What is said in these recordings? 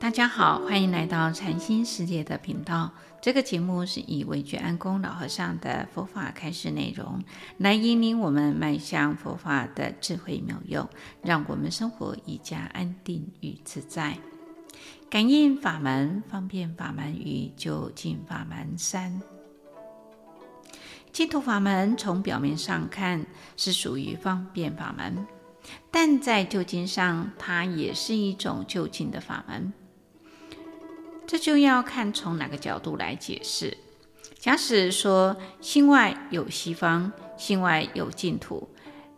大家好，歡迎來到禪心世界的頻道。這個節目是以惟覺安公老和尚的佛法開示內容，來引領我們邁向佛法的智慧妙用，讓我們生活愈加安定與自在。感應法門、方便法門與究竟法門三，淨土法門從表面上看，是屬於方便法門，但在究竟上，它也是一種究竟的法門。這就要看從哪個角度來解釋。假使說心外有西方，心外有淨土，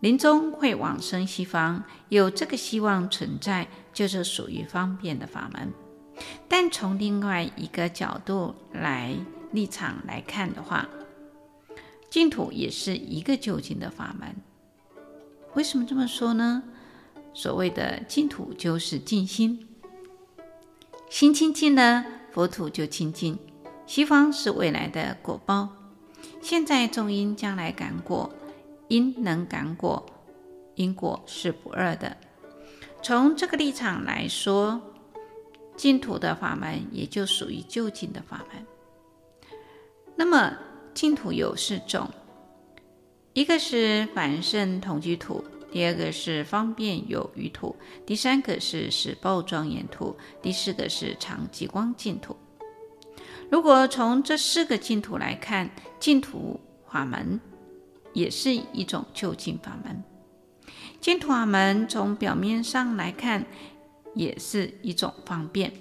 臨終會往生西方，有這個希望存在，就是屬於方便的法門。但從另外一個角度來立場來看的話，淨土也是一個究竟的法門。為什麼這麼說呢？所謂的淨土就是淨心。心清淨呢，佛土就清淨。西方是未來的果報，現在種因，將來感果，因能感果，因果是不二的。從這個立場來說，淨土的法門也就屬於究竟的法門。那麼淨土有四種，一個是凡聖同居土。第二個是方便有餘土，第三個是實報莊嚴土，第四個是常寂光淨土。如果從這四個淨土來看，淨土法門也是一種究竟法門。淨土法門從表面上來看也是一種方便。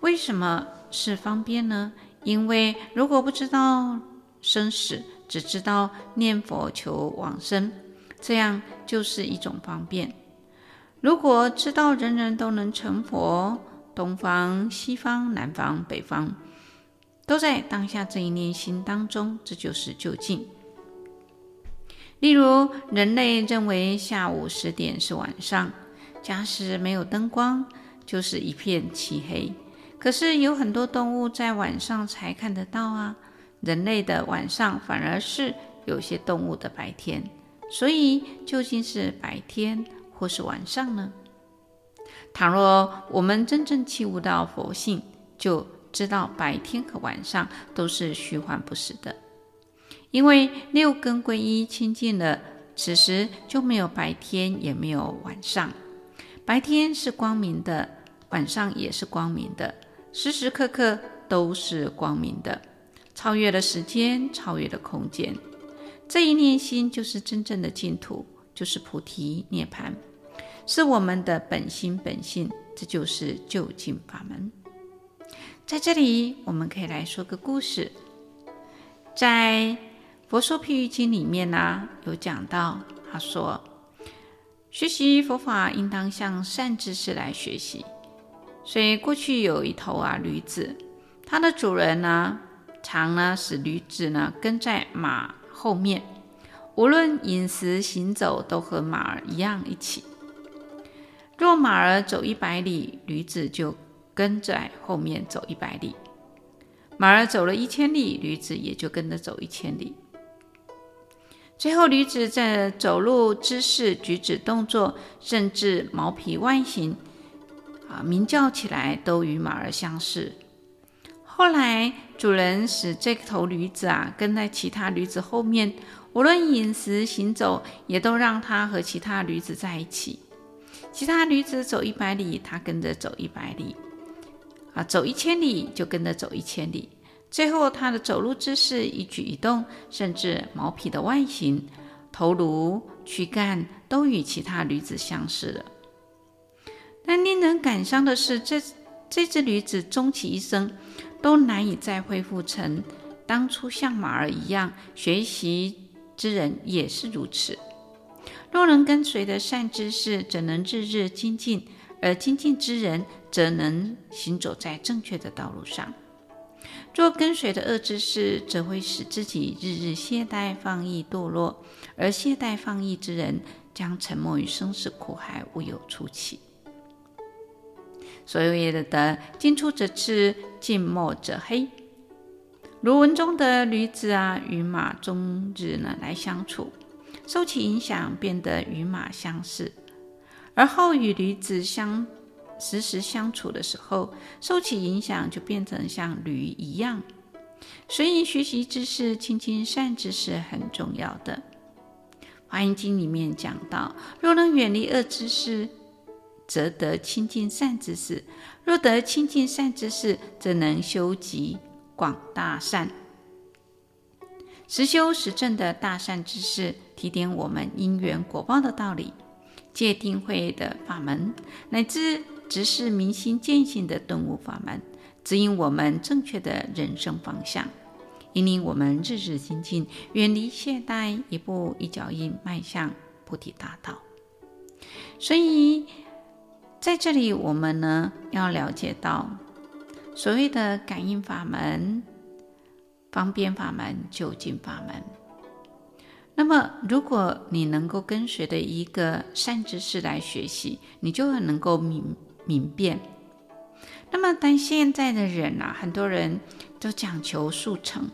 為什麼是方便呢？因為如果不知道生死，只知道念佛求往生。這樣就是一種方便。如果知道人人都能成佛，東方、西方、南方、北方都在當下這一念心當中，這就是究竟。例如，人類認為下午十點是晚上，假使沒有燈光，就是一片漆黑。可是有很多動物在晚上才看得到啊，人類的晚上反而是有些動物的白天。所以，究竟是白天或是晚上呢？倘若我們真正契悟到佛性，就知道白天和晚上都是虛幻不實的。因為六根歸一清淨了，此時就沒有白天，也沒有晚上。白天是光明的，晚上也是光明的，時時刻刻都是光明的，超越了時間，超越了空間。這一念心就是真正的淨土，就是菩提涅槃，是我們的本心本性，這就是究竟法門。在這裡，我們可以來說個故事。在《佛說譬喻經》裡面呢，有講到，他說學習佛法應當向善知識來學習。所以過去有一頭啊驢子，它的主人呢，常呢使驢子呢跟在馬。後面，無論飲食、行走都和馬兒一樣一起。若馬兒走一百里，驢子就跟在後面走一百里；馬兒走了一千里，驢子也就跟着走一千里。最後，驢子在走路姿勢、舉止動作，甚至毛皮外型啊，鳴叫起來都與馬兒相似。後來，主人使這頭驢子啊跟在其他驢子後面，無論飲食、行走，也都讓它和其他驢子在一起。其他驢子走一百里，它跟着走一百里；啊，走一千里就跟着走一千里。最後，它的走路姿勢、一舉一動，甚至毛皮的外形、頭顱、軀幹，都與其他驢子相似了。但令人感傷的是，這這隻驢子終其一生，都難以再恢復成當初像馬兒一樣。學習之人，也是如此。若能跟隨的善知識，則能日日精進，而精進之人，則能行走在正確的道路上。若跟隨的惡知識，則會使自己日日懈怠放逸、墮落，而懈怠放逸之人，將沉沒於生死苦海，無有出期。所謂的，近朱者赤，近墨者黑。如文中的驢子啊，與馬終日呢來相處，受其影響，變得與馬相似；而後與驢子相時時相處的時候，受其影響，就變成像驢一樣。所以學習知識，親近善知識很重要的。《華嚴經》裡面講到：若能遠離惡知識。則得親近善知識；若得親近善知識，則能修集廣大善。實修實證的大善知識，提點我們因緣果報的道理，戒定慧的法門，乃至直示明心見性的頓悟法門，指引我們正確的人生方向，引領我們日日精進，遠離懈怠，一步一腳印邁向菩提大道。所以。在這裡，我們呢要了解到所謂的感應法門、方便法門、究竟法門。那麼，如果你能夠跟隨的一個善知識來學習，你就能夠明明辨。那麼，但現在的人吶、啊，很多人都講求速成，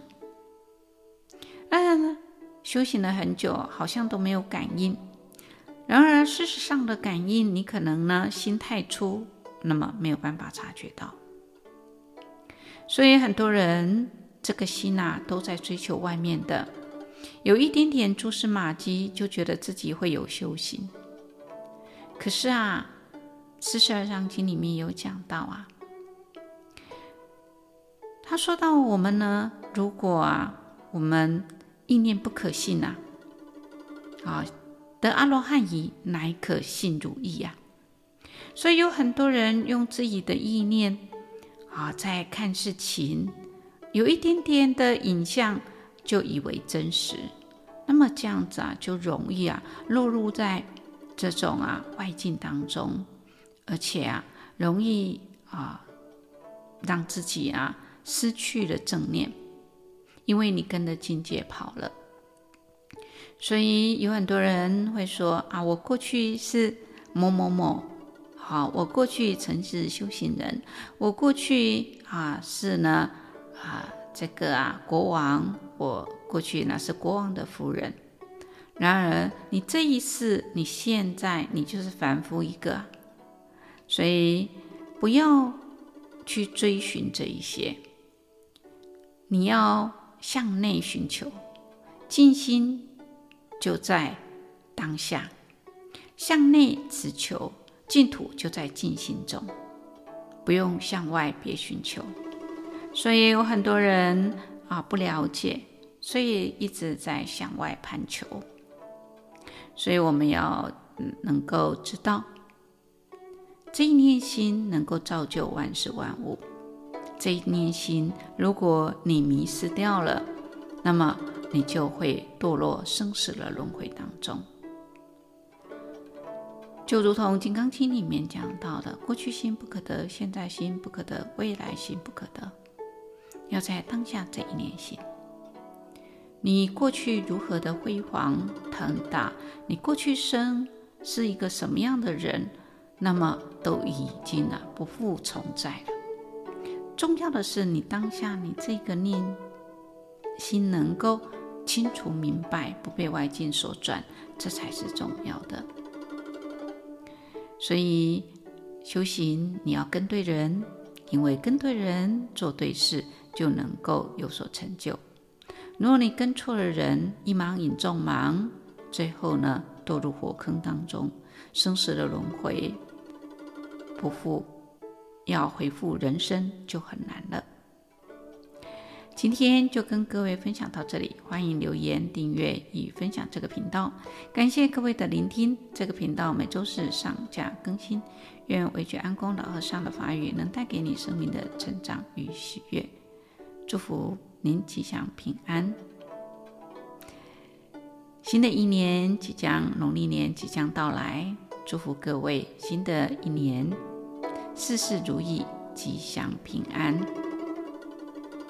嗯，修行了很久，好像都沒有感應。然而，事實上的感應，你可能呢心太粗，那麼沒有辦法察覺到。所以，很多人這個心吶、啊，都在追求外面的，有一點點蛛絲馬跡，就覺得自己會有修行。可是啊，《四十二章經》裡面有講到啊，他說到我們呢，如果啊，我們意念不可信吶、啊，啊。得阿羅漢已，乃可信如意啊，所以有很多人用自己的意念啊，在看事情，有一點點的影像，就以為真實。那麼這樣子啊，就容易啊，落入在這種啊外境當中，而且啊，容易啊，讓自己啊失去了正念，因為你跟着境界跑了。所以有很多人會說啊，我過去是某某某，好，我過去曾是修行人，我過去啊是呢啊這個啊國王，我過去呢是國王的夫人。然而你這一世，你現在你就是凡夫一個，所以不要去追尋這一些，你要向內尋求，靜心。就在當下，向內此求，淨土就在淨心中，不用向外別尋求。所以有很多人啊不了解，所以一直在向外攀求。所以我們要能夠知道，這一念心能夠造就萬事萬物。這一念心，如果你迷失掉了，那麼。你就會墮落生死的輪迴當中，就如同《金剛經》裡面講到的：“過去心不可得，現在心不可得，未來心不可得。”要在當下這一念心。你過去如何的輝煌騰達，你過去生是一個什麼樣的人，那麼都已經了不復存在了。重要的是你當下你這個念心能夠。清楚明白，不被外境所轉，這才是重要的。所以修行，你要跟對人，因為跟對人做對事，就能夠有所成就。如果你跟錯了人，一盲引眾盲，最後呢，墮入火坑當中，生死的輪迴，不復，要恢復人生就很難了。今天就跟各位分享到這裡，歡迎留言、訂閱與分享這個頻道。感謝各位的聆聽，這個頻道每周四上架更新。願惟覺安公老和尚的法語能帶給你生命的成長與喜悅，祝福您吉祥平安。新的一年即將農曆年即將到來，祝福各位新的一年，事事如意，吉祥平安。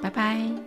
拜拜。